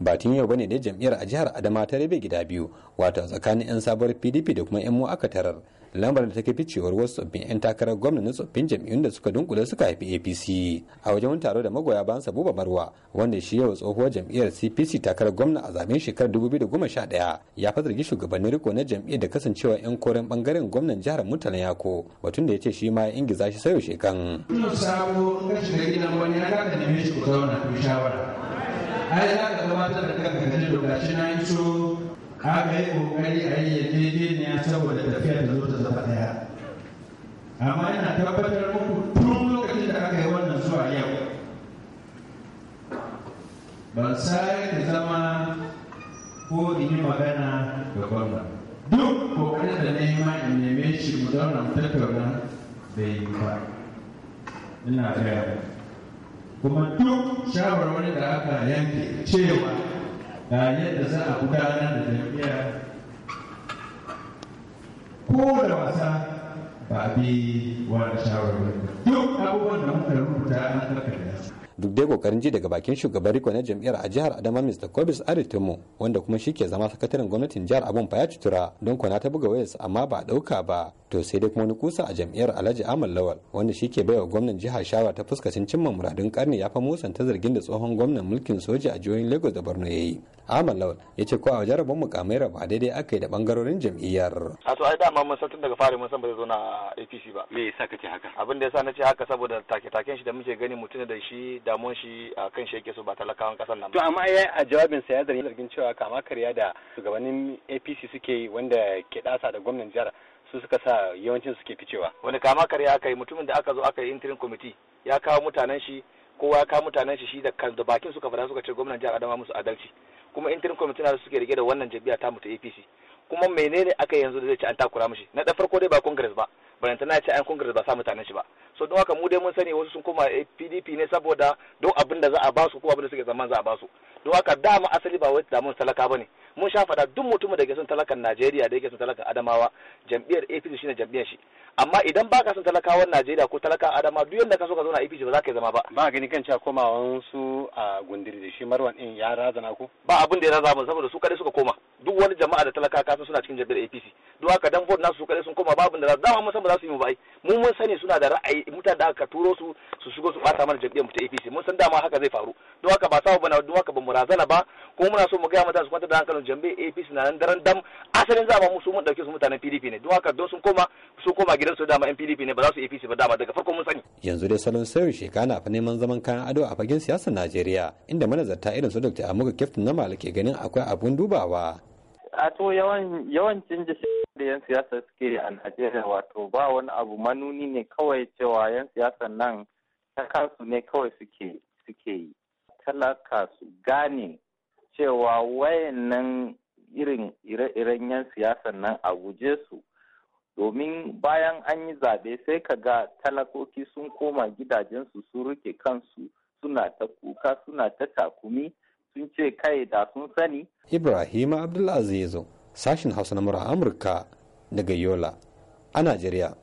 ba tun yau bane da jam'iyyar a jihar adama ta rabe gida biyu wato tsakanin 'yan sabuwar pdp da kuma 'yan mu aka tarar lambar da ta kafi ficewar wasu tsoffin 'yan takarar gwamna na tsoffin jam'iyyun da suka dunkule suka haifi apc a wajen wani taro da magoya bayan sabuba marwa wanda shi yau tsohuwar jam'iyyar cpc takarar gwamna a zaben shekarar sha 2011 ya fa zargi shugabannin riko na jam'iyyar da kasancewa 'yan koren bangaren gwamnan jihar murtala yako batun da ya ce shi ma ya ingiza shi sayo shekan. Ina sabo ai za ka gabatar da kanka ka ji dogashi na yi so ka ga yi kokari a yi yarjejeniya saboda tafiyar da zo ta zama daya amma ina tabbatar muku tun lokacin da aka yi wannan zuwa yau ban sake zama ko in yi magana ga gwamna duk kokarin da na yi ma in neme shi mu zauna mu tattauna bai yi ba ina gaya kuma duk shawarwari da aka yanke cewa ga yadda za a gudanar da jam'iyya ko da wasa ba a bi wani shawarwari duk abubuwan da muka rubuta an karkata duk dai kokarin ji daga bakin shugaban riko na jam'iyyar a jihar adama mr kobis aritimo wanda kuma shi ke zama sakataren gwamnatin jihar abun fa ya cutura don kwana ta buga wayarsa amma ba a ɗauka ba to sai dai kuma wani kusa a jam'iyyar alhaji amal lawal wanda shi ke baiwa gwamnan jihar shawa ta fuskacin cimma muradun karni ya fa musanta zargin da tsohon gwamnan mulkin soja a jihohin lagos da borno ya yi amal lawal ya ce ko a wajen rabon mukamai raba daidai aka yi da bangarorin jam'iyyar. a to ai dama mun san tun daga fari mun san ba zai zo na apc ba. me yasa ka ce haka. abin da sa na ce haka saboda take-taken shi da muke gani mutum da shi damuwan shi a kan shi yake so ba talakawan kasar nan. to amma ya a jawabin sa ya zargin cewa kama karya da shugabannin apc suke yi wanda ke dasa da gwamnan jihar su suka sa yawancin suke ficewa wani kama karya aka yi mutumin da aka zo aka yi interim committee ya kawo mutanen shi kowa ya kawo mutanen shi shi da kan da bakin suka fara suka ce gwamnan jihar Adamawa musu adalci kuma interim committee na suke rike da wannan jabiya ta mutu APC kuma menene aka yanzu da zai ci an takura mishi na da farko dai ba congress ba barantana ya ce an congress ba sa mutanen shi ba so don haka mu dai mun sani wasu sun koma pdp ne saboda don abin da za a su ko abin da suke zaman za a su. don haka dama asali ba wai damun talaka ba ne mun sha faɗa duk mutumin da ke son talakan Najeriya da yake son talakan Adamawa jam'iyyar APC shine jam'iyyar shi amma idan baka son talakawan Najeriya ko talaka Adama duk yanda ka so ka zauna APC ba za ka zama ba ba gani kan cewa komawan su a gundiri da shi Marwan din ya razana ko ba abin da ya razana mun saboda su kare suka koma duk wani jama'a da talaka ka suna cikin jam'iyyar APC don haka dan vote nasu su kare sun koma ba abin da dama mun san ba za su yi mu ba ai mu mun sani suna da ra'ayi mutane da aka turo su su shigo su bata mana jam'iyyar mu ta APC mun san dama haka zai faru don haka ba a bana don haka ba murazana ba kuma muna so mu gaya mata su kwanta da hankalin jambe APC na nan daren dam asalin za mu su mun dauke su mutanen PDP ne don haka don sun koma su koma gidansu dama yan PDP ne ba za su APC ba dama daga farko mun sani yanzu dai salon sauyi shekana a neman zaman kayan ado a fagen siyasar Najeriya inda manazarta irin su Dr. Amuka Kyaftin na ke ganin akwai abun dubawa a to yawancin da yan siyasa suke a Najeriya wato ba wani abu manuni ne kawai cewa yan siyasa nan ta kansu ne kawai suke yi talaka su gane cewa wayannan irin ire-iren 'yan siyasan nan a guje su domin bayan an yi zaɓe sai ka ga talakoki sun koma gidajensu sun rike kansu suna ta kuka suna ta takumi sun ce kai da sun sani. Ibrahim Abdulaziz sashin Hausa na Amurka daga Yola a Najeriya.